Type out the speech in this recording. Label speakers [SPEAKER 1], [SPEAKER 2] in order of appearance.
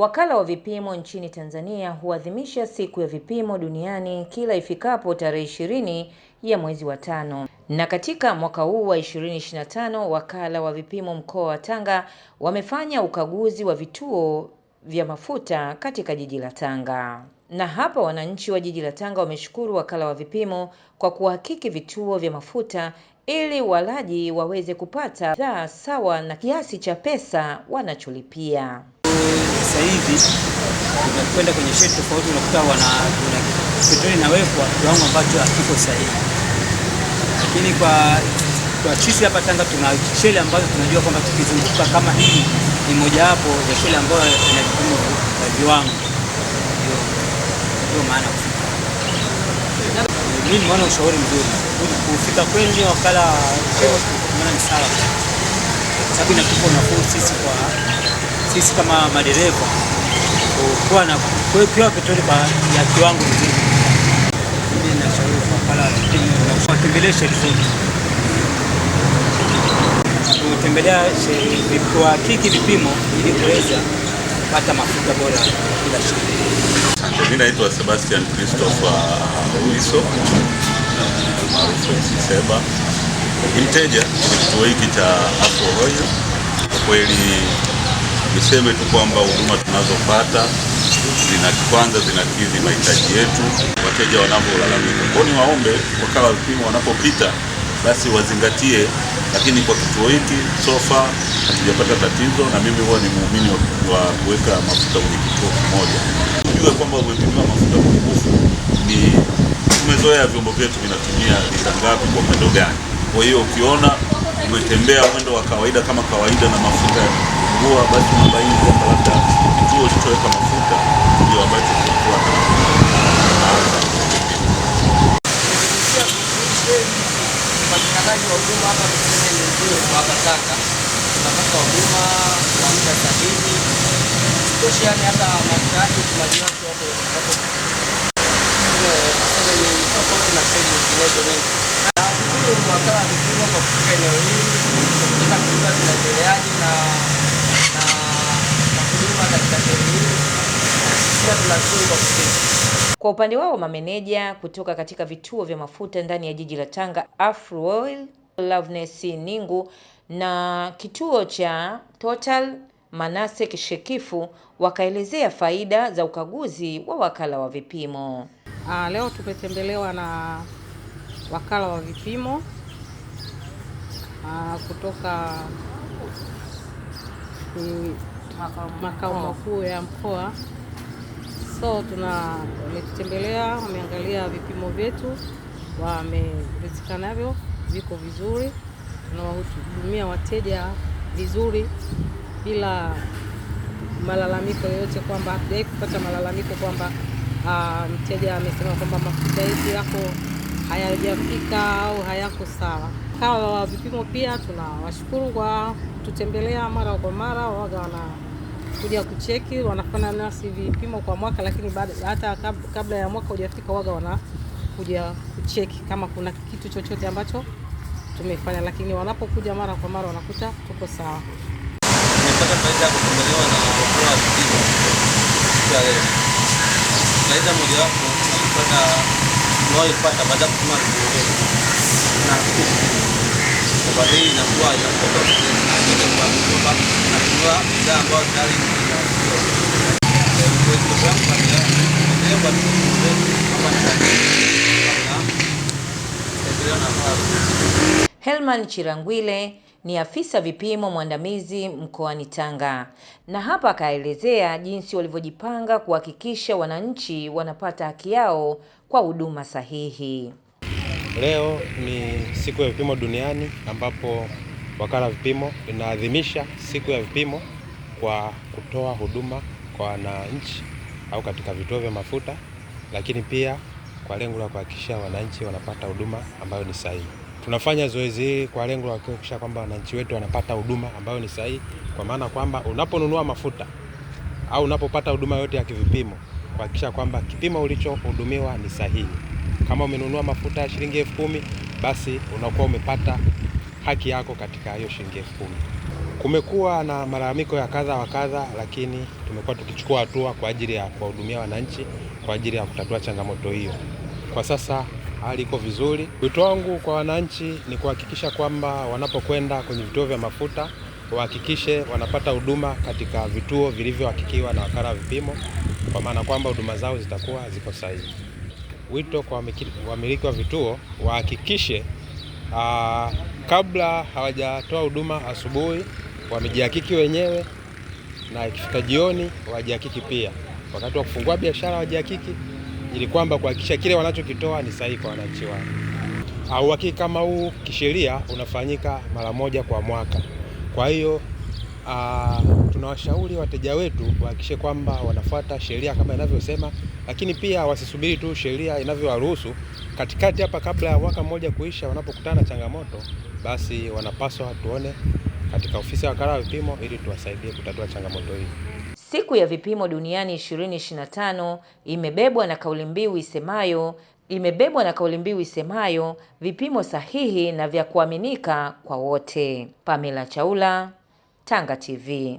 [SPEAKER 1] Wakala wa vipimo nchini Tanzania huadhimisha siku ya vipimo duniani kila ifikapo tarehe ishirini ya mwezi wa tano. Na katika mwaka huu wa 2025 wakala wa vipimo mkoa wa Tanga wamefanya ukaguzi wa vituo vya mafuta katika jiji la Tanga. Na hapa wananchi wa jiji la Tanga wameshukuru wakala wa vipimo kwa kuhakiki vituo vya mafuta ili walaji waweze kupata bidhaa sawa na kiasi cha pesa wanacholipia
[SPEAKER 2] sasa hivi tunakwenda kwenye shehe tofauti, unakuta wana kuna petroli inawekwa kiwango ambacho hakiko sahihi, lakini kwa kwa sisi hapa Tanga tuna shehe ambazo tunajua kwamba tukizunguka kama hii ni mojawapo ya shehe ambayo ina vipimo vya viwango. Ndio maana mimi nimeona ushauri mzuri kufika kwenye wakala, maana ni sawa, sababu inatupa nafuu sisi kwa sisi kama madereva kuwa na kuwekewa petroli ya kiwango kizuri. Mimi nashauri pala watembelee sherehe zote, kutembelea kuhakiki vipimo ili kuweza kupata mafuta bora bila
[SPEAKER 3] shida. Mimi naitwa Sebastian Christopher Wiso maarufu Seba, mteja wa kituo hiki cha Afro Oil kweli Niseme tu kwamba huduma tunazopata zina kwanza zinakidhi mahitaji yetu wateja wanavyolalamika. Kwa ni waombe wakala wa vipimo wanapopita basi wazingatie, lakini kwa kituo hiki sofa hatujapata tatizo, na mimi huwa ni muumini wa kuweka mafuta kwenye kituo kimoja. Ujue kwamba umepimiwa mafuta pungufu ni tumezoea vyombo vyetu vinatumia lita ngapi kwa mwendo gani. Kwa hiyo ukiona umetembea mwendo wa kawaida kama kawaida na mafuta kuchagua, basi mabaini kwamba labda kituo kilichoweka mafuta ndio ambacho kilikuwa
[SPEAKER 4] wapatikanaji wa huduma hapa ni nzuri kuwapa taka, tunapata huduma kwa muda sahihi, isitoshe yani hata mafuta yake utumaji wake na kwa kufika eneo hili kuweza kujua zinaendeleaje na
[SPEAKER 1] kwa upande wao mameneja kutoka katika vituo vya mafuta ndani ya jiji la Tanga Afro Oil, Loveness Ningu na kituo cha Total Manase Kishekifu wakaelezea faida za ukaguzi wa wakala wa vipimo.
[SPEAKER 5] Aa, ah, leo tumetembelewa na wakala wa vipimo aa, ah, kutoka mm, makao makuu ya mkoa. So tuna wametutembelea, wameangalia vipimo vyetu, wameridhika navyo, viko vizuri. Tunawahudumia wateja vizuri bila malalamiko yoyote, kwamba hatujawahi kupata malalamiko kwamba uh, mteja amesema kwamba mafuta yetu yako hayajafika au hayako sawa hawa wa vipimo pia tunawashukuru kwa kututembelea mara kwa mara, waga wanakuja kucheki, wanafanya nasi vipimo kwa mwaka, lakini baada hata kabla ya mwaka hujafika, waga wanakuja kucheki kama kuna kitu chochote ambacho tumefanya, lakini wanapokuja mara kwa mara wanakuta tuko sawa.
[SPEAKER 6] Nimepata faida kutembelewa na wakuu wa vipimo Faida mojawapo nilipata, naoipata baada ya kupima vipimo na bei inakuwa bidhaa tayari
[SPEAKER 1] Helman Chirangwile ni afisa vipimo mwandamizi mkoani Tanga na hapa akaelezea jinsi walivyojipanga kuhakikisha wananchi wanapata haki yao kwa huduma sahihi.
[SPEAKER 7] Leo ni siku ya vipimo duniani ambapo wakala vipimo inaadhimisha siku ya vipimo kwa kutoa huduma kwa wananchi au katika vituo vya mafuta, lakini pia kwa lengo la kuhakikisha wananchi wanapata huduma ambayo ni sahihi. Tunafanya zoezi hili kwa lengo la kuhakikisha kwamba wananchi wetu wanapata huduma ambayo ni sahihi, kwa maana kwamba unaponunua mafuta au unapopata huduma yote ya kivipimo, kuhakikisha kwamba kipimo ulichohudumiwa ni sahihi. Kama umenunua mafuta ya shilingi elfu kumi basi unakuwa umepata haki yako katika hiyo shilingi elfu kumi. Kumekuwa na malalamiko ya kadha wa kadha, lakini tumekuwa tukichukua hatua kwa ajili ya kuwahudumia wananchi kwa ajili ya kutatua changamoto hiyo. Kwa sasa hali iko vizuri. Wito wangu kwa wananchi ni kuhakikisha kwamba wanapokwenda kwenye vituo vya mafuta wahakikishe wanapata huduma katika vituo vilivyohakikiwa na wakala wa vipimo, kwa maana kwamba huduma zao zitakuwa ziko sahihi wito kwa wamiliki wa vituo wahakikishe kabla hawajatoa huduma asubuhi wamejihakiki wenyewe, na ikifika jioni wajihakiki pia, wakati wa kufungua biashara wajihakiki, ili kwamba kuhakikisha kile wanachokitoa ni sahihi kwa wananchi wao. Au uhakiki kama huu kisheria unafanyika mara moja kwa mwaka. Kwa hiyo tunawashauri wateja wetu wahakikishe kwamba wanafuata sheria kama inavyosema lakini pia wasisubiri tu sheria inavyowaruhusu. Katikati hapa, kabla ya mwaka mmoja kuisha, wanapokutana changamoto, basi wanapaswa tuone katika ofisi ya wakala wa vipimo ili tuwasaidie kutatua changamoto hii.
[SPEAKER 1] Siku ya vipimo duniani 2025 imebebwa na kauli mbiu isemayo imebebwa na kauli mbiu isemayo vipimo sahihi na vya kuaminika kwa wote. Pamela Chaula, Tanga TV.